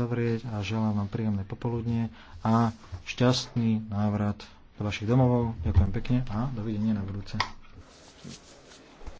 uzavrieť a želám vám príjemné popoludnie a šťastný návrat do vašich domovov. Ďakujem pekne a dovidenia na budúce.